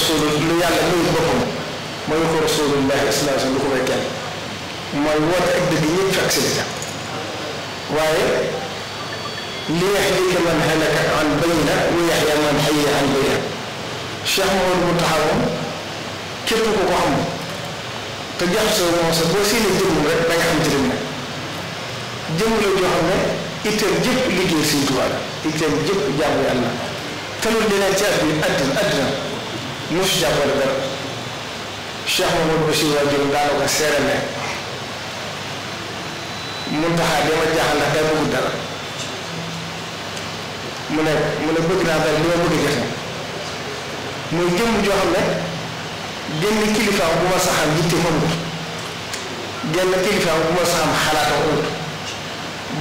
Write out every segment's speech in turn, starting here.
rasul lu yàlla mayul boppam mooy ko rasulullahi islaam lu ko may kenn mooy woote ak dëgg ñëpp fekk si waaye li yahlika man halaka an bayna wa yahya man hayya an bayna Cheikh Mouhamadou Mountakha moom képp ku ko xam te jaxasoo moom sax boo séenee jëmm rek da nga xam ci lim la joo xam ne itam jëpp liggéey Sëriñ Tuubaa la itam jëpp jaamu yàlla te loolu dina ci at lu fi jàppale dara Cheikh Mamadou Bachir waa Diop daanaka seere ne mun taxaa dama jaaxal ndax day bëgg dara mu ne mu ne bëgg naa dara li ma bëgg a jafe muy jëmm joo xam ne genn kilifaam bu ma saxam yitte xamut genn kilifaam bu ma saxam xalaatam amut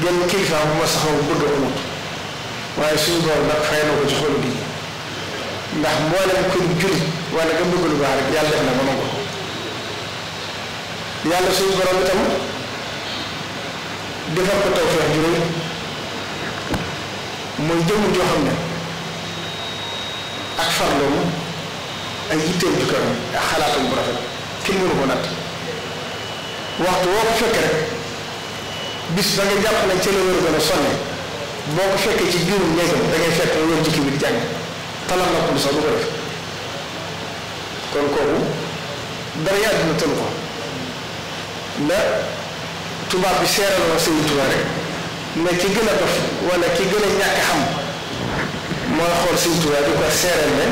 genn kilifaam bu ma saxam bëgg waaye suñu borom nag fay na ko ci bi ndax mboolem kuy jullit wala nga bëgg lu baax rek yàlla def na ba nangu yàlla suñu borom itam defal ko tawfeex juróom mooy jëmm joo xam ne ak farloom ay yitteem ju kaw ak xalaatam bu rafet kenn mënu ko natt waxtu woo ko fekk rek bis ba nga jàpp ne ca la war a boo ko fekkee ci biirum néegam da ngay fekk loolu jikki bi di jàng talal na ko du sax du ko kon kooku dara yàgg na tënk ko la tubaab bi seeraloo Sëriñ Tuubaa rek mais ki gën a dof wala ki gën a xool Sëriñ Tuubaa di ko seeral ne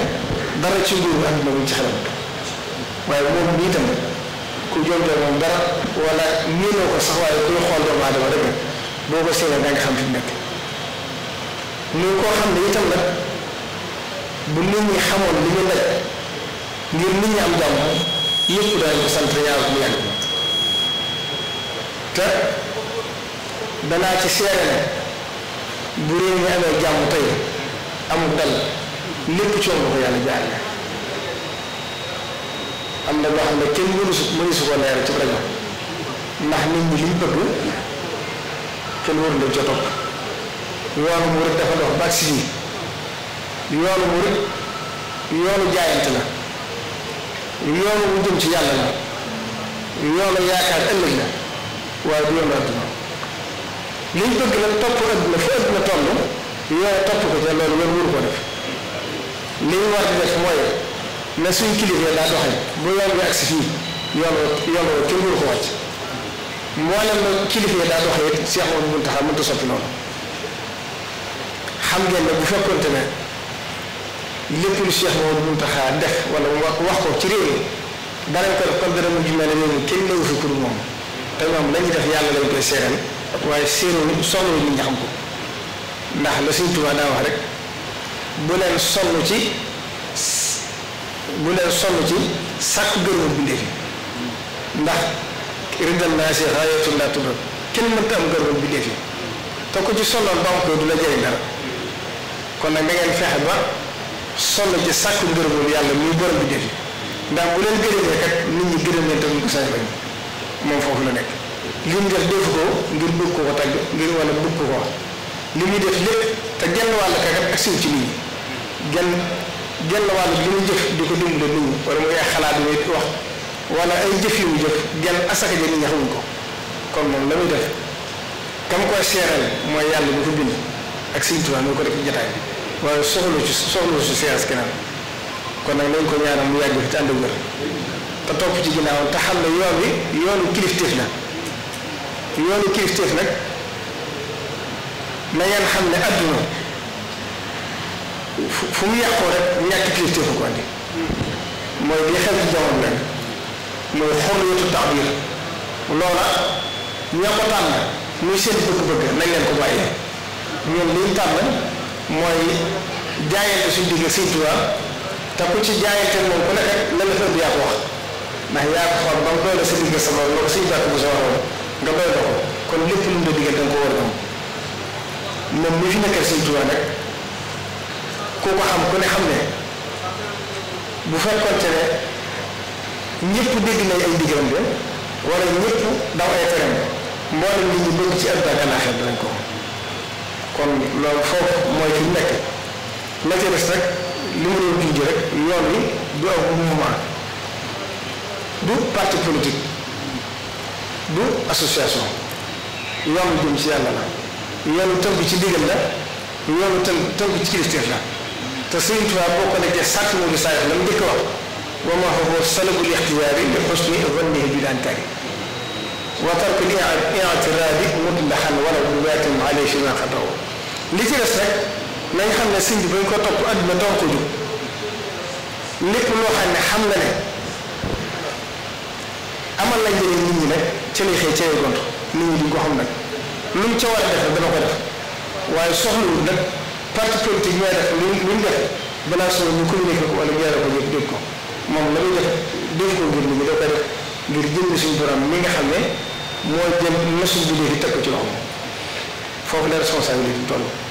dara ci nguuru àdduna buñ ci xelam waaye moom bii tam ku jombe moom dara wala miinoo ko sax waaye kuy xool doomu aadama rek boo ko seeree da xam fi nekk muy koo xam ne itam nag. bu nit ñi xamoon li ñu daj ngir nit ñi am jàmm yëpp daañu ko danaa ci seere bu réew mi amee jàmm tey amul dal lépp coono ko yàlla jaarale am na loo xam ne kenn mënu su mënu su ko leeral ci rajo ndax nit ñi liñ bëgg kenn waruñu la jot a woon mu rek dafa dox bàcc si yoonu murit yoonu jaayante la yoonu bu jëm ci yàlla la yoonu yaakaar ëllëg la waaye du yoonu adduna liñ bëgg nag topp adduna fa adduna toll yoonu topp ko ca loolu yoon wuru ko def liñ war di def mooy na suñ kilifa daa doxe bu yoon bi agsi fii yoon yoon wa kenn wuru ko wàcc mboolem na kilifa daa doxe it Cheikh Mouhamadou Mountakha mënta soppi noonu xam ngeen ne bu fekkonte ne lépp lu Cheikh Maodo Mountakha def wala wax wax ko ci réew mi danañ ko def kon dana mujj mel ne réew mi kenn néew fi pour moom te moom la ñuy def yàlla lañ koy seeral waaye seenu sonn ñu nga xam ko ndax la Sëriñ Tuubaa daa wax rek bu ci bu leen ci sàkku gërëmu ndax riddal naa si rayatul laa tudd kenn mënta fi te ku ci sonnoon ba am ko du la jëriñ dara kon nag da ngeen fexe ba. sonn ci sàkku ngërëmul yàlla muy borom bi def ndax bu leen gërëmee kat nit ñi gërëm leen te ko sañ bañ moom foofu la nekk lim def def ko ngir bëgg ko ko tagg ngir wala bëgg ko wax li muy def lépp te genn wàll ka kat nit ñi genn wàll li muy jëf ko dimbale nit ñi wala muy xalaat muy wax wala jëf yu mu jëf genn asaka ja nit ñi ko kon moom la muy def kam koy seeral mooy yàlla bu ko bind ak Sëñ Tuubaa moo ko def jotaay waaye soxla ci soxla ci séance keneen kon nag nañ ko ñaanal mu yàgg fi te ànd ak wér te topp ci ginnaaw te xam ne yoon wi yoonu kilifteef la yoonu kilifteef nag na ngeen xam ne adduna fu mu yàqoo rek ñàkk kilifteef ko andi mooy li xew ci jamono nag mooy xorriyatu taxdir loola ña ko tànn muy seen bëgg-bëgg nañ leen ko bàyyee ñoom liñ mooy jaayante suñu digg Sëñ Tuubaa te ku ci jaayante moom ku nekk la nga ëpp yaa ko wax ndax yaa ko xool ba mu doy la sa digg sa borom loolu suñu bàq bu sa waxoon nga doy la ko kon lépp lu mu nga ko war a am moom mi fi nekkal Sëñ Tuubaa nag ku ko xam ku ne xam ne bu fekkoon te ne ñëpp dégg nañ ay digalam de wala ay teram mboolem li ñu bëgg ci àdduna ak àllaaxira ko. kon loolu foofu mooy fi nekk la ca des rek li ma doon junj rek yoon wi du ak mouvement du parti politique du association yoonu jëm ci yàlla la yoonu tënk ci digal la yoonu tënk tënk ci kilifteef la te Sëriñ Tuubaa boo ko nekkee sàtt mu di saa yoo xam ne mu njëkk wax ba ma wax ko salabul ixtiyaari li xusni zannihi bi daan tari wa tark al-i'tiraad mutlaqan walaw bi baatin alayhi fi ma xataw li ci des rek nañ xam ne sëñ bi bañ ko topp àdduna doon ko jóg lépp loo xam ne xam nga ne amal na njëriñ nit ñi nag ci lay xëy gont nit ñi duñ ko xam nag lu mu ca war a def dana ko def waaye soxlawul nag parti politique ñooy def lu lu mu def balaa soo ñu communiqué ko wala ñaare ko ñëpp moom la muy def dégg ko ngir nit ñi da koy mi nga xam ne. mooy jël machine bi léegi teg ci loxo foofu la responsabilité toll.